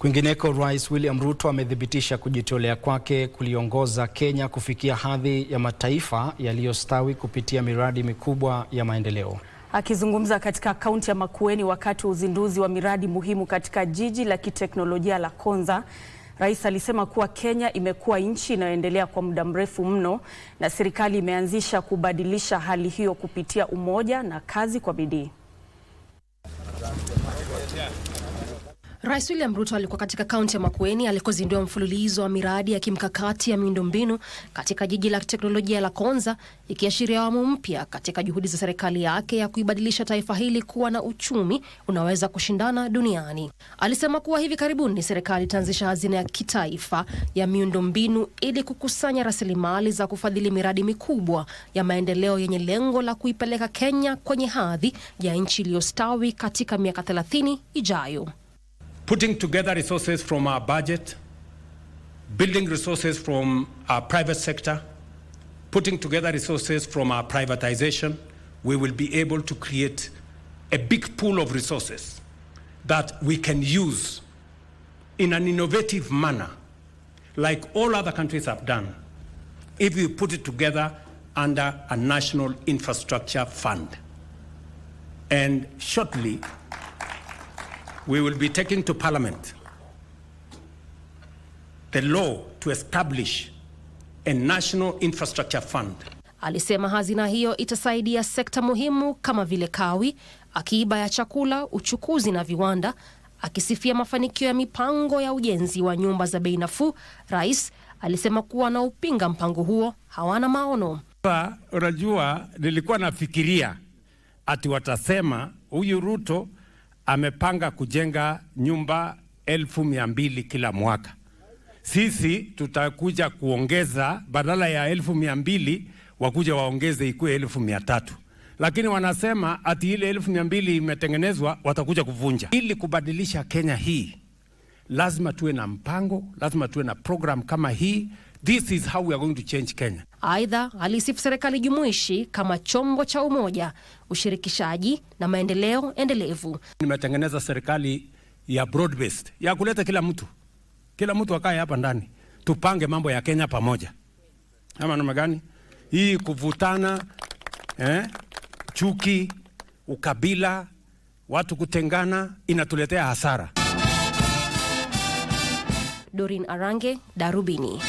Kwingineko, Rais William Ruto amethibitisha kujitolea kwake kuliongoza Kenya kufikia hadhi ya mataifa yaliyostawi kupitia miradi mikubwa ya maendeleo. Akizungumza katika kaunti ya Makueni wakati wa uzinduzi wa miradi muhimu katika jiji la kiteknolojia la Konza, Rais alisema kuwa Kenya imekuwa nchi inayoendelea kwa muda mrefu mno na serikali imeanzisha kubadilisha hali hiyo kupitia umoja na kazi kwa bidii. Rais William Ruto alikuwa katika kaunti ya Makueni alikozindua mfululizo wa miradi ya kimkakati ya miundombinu katika jiji la teknolojia la Konza, ikiashiria awamu mpya katika juhudi za serikali yake ya kuibadilisha taifa hili kuwa na uchumi unaweza kushindana duniani. Alisema kuwa hivi karibuni serikali itaanzisha hazina ya kitaifa ya miundombinu ili kukusanya rasilimali za kufadhili miradi mikubwa ya maendeleo yenye lengo la kuipeleka Kenya kwenye hadhi ya nchi iliyostawi katika miaka 30 ijayo. putting together resources from our budget, building resources from our private sector, putting together resources from our privatization, we will be able to create a big pool of resources that we can use in an innovative manner, like all other countries have done, if we put it together under a national infrastructure fund. And shortly, we will be taking to parliament the law to establish a national infrastructure fund. Alisema hazina hiyo itasaidia sekta muhimu kama vile kawi, akiba ya chakula, uchukuzi na viwanda, akisifia mafanikio ya mipango ya ujenzi wa nyumba za bei nafuu. Rais alisema kuwa wanaopinga mpango huo hawana maono. Unajua, nilikuwa nafikiria ati watasema huyu Ruto amepanga kujenga nyumba elfu mia mbili kila mwaka. Sisi tutakuja kuongeza badala ya elfu mia mbili wakuja waongeze ikuwe elfu mia tatu lakini wanasema ati ile elfu mia mbili imetengenezwa watakuja kuvunja. Ili kubadilisha Kenya hii, lazima tuwe na mpango, lazima tuwe na program kama hii. This is how we are going to change Kenya. Aidha, alisifu serikali jumuishi kama chombo cha umoja, ushirikishaji na maendeleo endelevu. Nimetengeneza serikali ya broad based, ya kuleta kila mtu, kila mtu akae hapa ndani, tupange mambo ya Kenya pamoja, ama namna gani? Hii kuvutana, eh, chuki, ukabila, watu kutengana inatuletea hasara. Dorin Arange, Darubini.